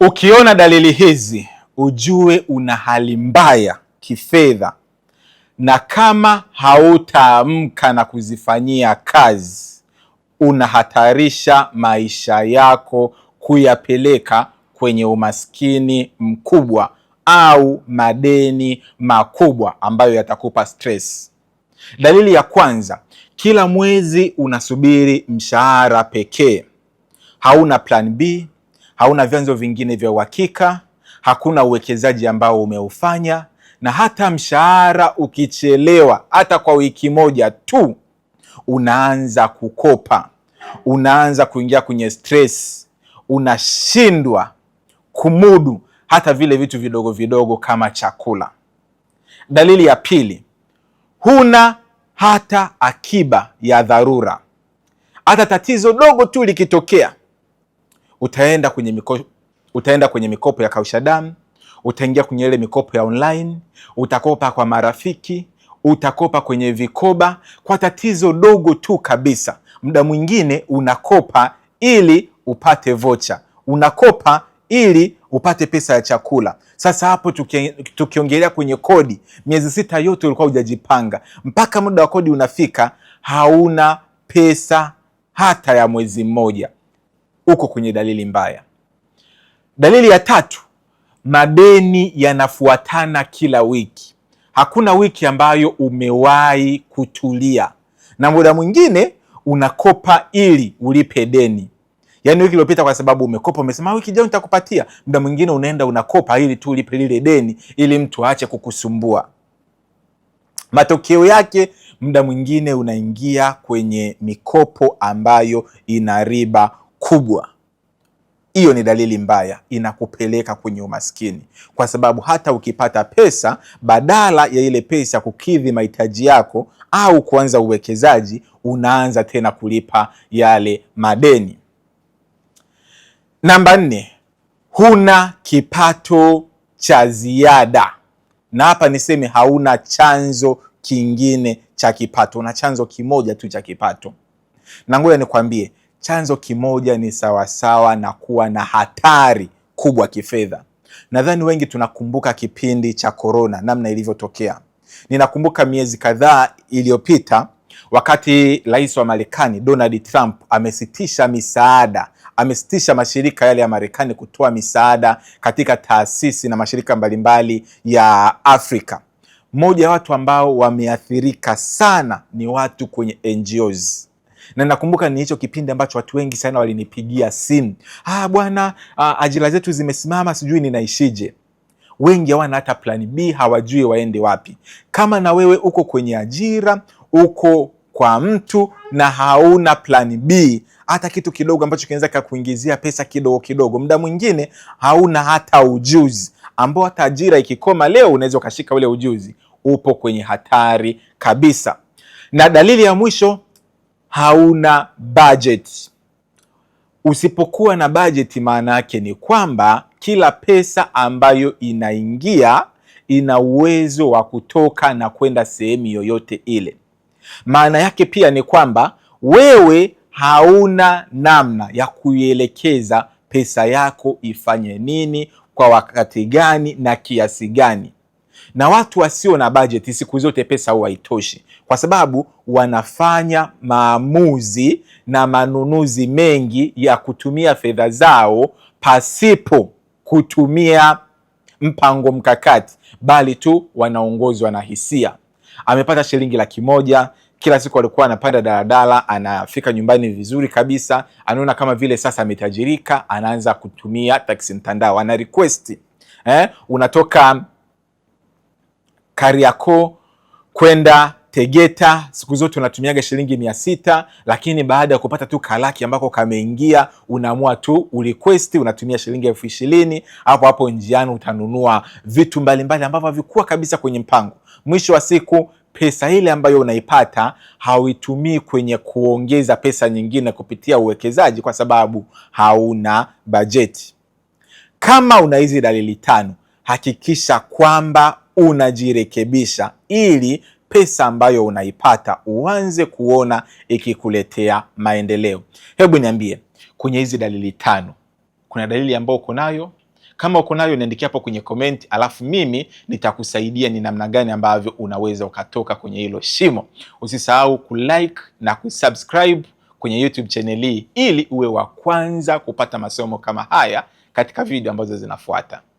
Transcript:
Ukiona dalili hizi ujue una hali mbaya kifedha, na kama hautaamka na kuzifanyia kazi unahatarisha maisha yako kuyapeleka kwenye umaskini mkubwa au madeni makubwa ambayo yatakupa stress. Dalili ya kwanza, kila mwezi unasubiri mshahara pekee, hauna plan B hauna vyanzo vingine vya uhakika, hakuna uwekezaji ambao umeufanya, na hata mshahara ukichelewa hata kwa wiki moja tu, unaanza kukopa, unaanza kuingia kwenye stress, unashindwa kumudu hata vile vitu vidogo vidogo kama chakula. Dalili ya pili, huna hata akiba ya dharura. Hata tatizo dogo tu likitokea utaenda kwenye mikopo, utaenda kwenye mikopo ya kausha damu, utaingia kwenye ile mikopo ya online, utakopa kwa marafiki, utakopa kwenye vikoba kwa tatizo dogo tu kabisa. Muda mwingine unakopa ili upate vocha, unakopa ili upate pesa ya chakula. Sasa hapo tukiongelea kwenye kodi, miezi sita yote ulikuwa hujajipanga, mpaka muda wa kodi unafika, hauna pesa hata ya mwezi mmoja uko kwenye dalili mbaya. Dalili ya tatu, madeni yanafuatana kila wiki. Hakuna wiki ambayo umewahi kutulia, na muda mwingine unakopa ili ulipe deni. Yaani wiki iliyopita kwa sababu umekopa, umesema ah, wiki ijayo nitakupatia. Muda mwingine unaenda unakopa ili tu ulipe lile deni, ili mtu aache kukusumbua. Matokeo yake muda mwingine unaingia kwenye mikopo ambayo ina riba kubwa, hiyo ni dalili mbaya, inakupeleka kwenye umaskini, kwa sababu hata ukipata pesa, badala ya ile pesa kukidhi mahitaji yako au kuanza uwekezaji, unaanza tena kulipa yale madeni. Namba nne, huna kipato cha ziada, na hapa niseme hauna chanzo kingine cha kipato, una chanzo kimoja tu cha kipato, na ngoja nikwambie chanzo kimoja ni sawasawa na kuwa na hatari kubwa kifedha. Nadhani wengi tunakumbuka kipindi cha korona, namna ilivyotokea. Ninakumbuka miezi kadhaa iliyopita wakati rais wa Marekani Donald Trump amesitisha misaada, amesitisha mashirika yale ya Marekani kutoa misaada katika taasisi na mashirika mbalimbali ya Afrika. moja ya watu ambao wameathirika sana ni watu kwenye NGOs na nakumbuka ni hicho kipindi ambacho watu wengi sana walinipigia simu, ah, bwana ah, ajira zetu zimesimama, sijui ninaishije. Wengi hawana hata plan B, hawajui waende wapi. Kama na wewe uko kwenye ajira, uko kwa mtu na hauna plan B, hata kitu kidogo ambacho kinaweza kakuingizia pesa kidogo kidogo, muda mwingine hauna hata ujuzi ambao hata ajira ikikoma leo unaweza ukashika ule ujuzi, upo kwenye hatari kabisa. Na dalili ya mwisho hauna budget. Usipokuwa na budget, maana yake ni kwamba kila pesa ambayo inaingia ina uwezo wa kutoka na kwenda sehemu yoyote ile. Maana yake pia ni kwamba wewe hauna namna ya kuielekeza pesa yako ifanye nini, kwa wakati gani na kiasi gani na watu wasio na bajeti siku zote pesa huwa haitoshi, kwa sababu wanafanya maamuzi na manunuzi mengi ya kutumia fedha zao pasipo kutumia mpango mkakati, bali tu wanaongozwa na hisia. Amepata shilingi laki moja kila siku alikuwa anapanda daladala, anafika nyumbani vizuri kabisa, anaona kama vile sasa ametajirika, anaanza kutumia taksi mtandao, ana request eh, unatoka Kariakoo kwenda Tegeta siku zote unatumiaga shilingi mia sita lakini baada ya kupata tu kalaki ambako kameingia, unaamua tu ulikwesti, unatumia shilingi elfu ishirini hapo hapo njiani utanunua vitu mbalimbali ambavyo havikuwa kabisa kwenye mpango. Mwisho wa siku pesa ile ambayo unaipata hauitumii kwenye kuongeza pesa nyingine kupitia uwekezaji, kwa sababu hauna bajeti. Kama una hizi dalili tano, hakikisha kwamba unajirekebisha ili pesa ambayo unaipata uanze kuona ikikuletea maendeleo. Hebu niambie, kwenye hizi dalili tano kuna dalili ambayo uko nayo? Kama uko nayo niandikia hapo kwenye komenti alafu mimi nitakusaidia ni namna gani ambavyo unaweza ukatoka kwenye hilo shimo. Usisahau kulike na kusubscribe kwenye YouTube channel hii ili uwe wa kwanza kupata masomo kama haya katika video ambazo zinafuata.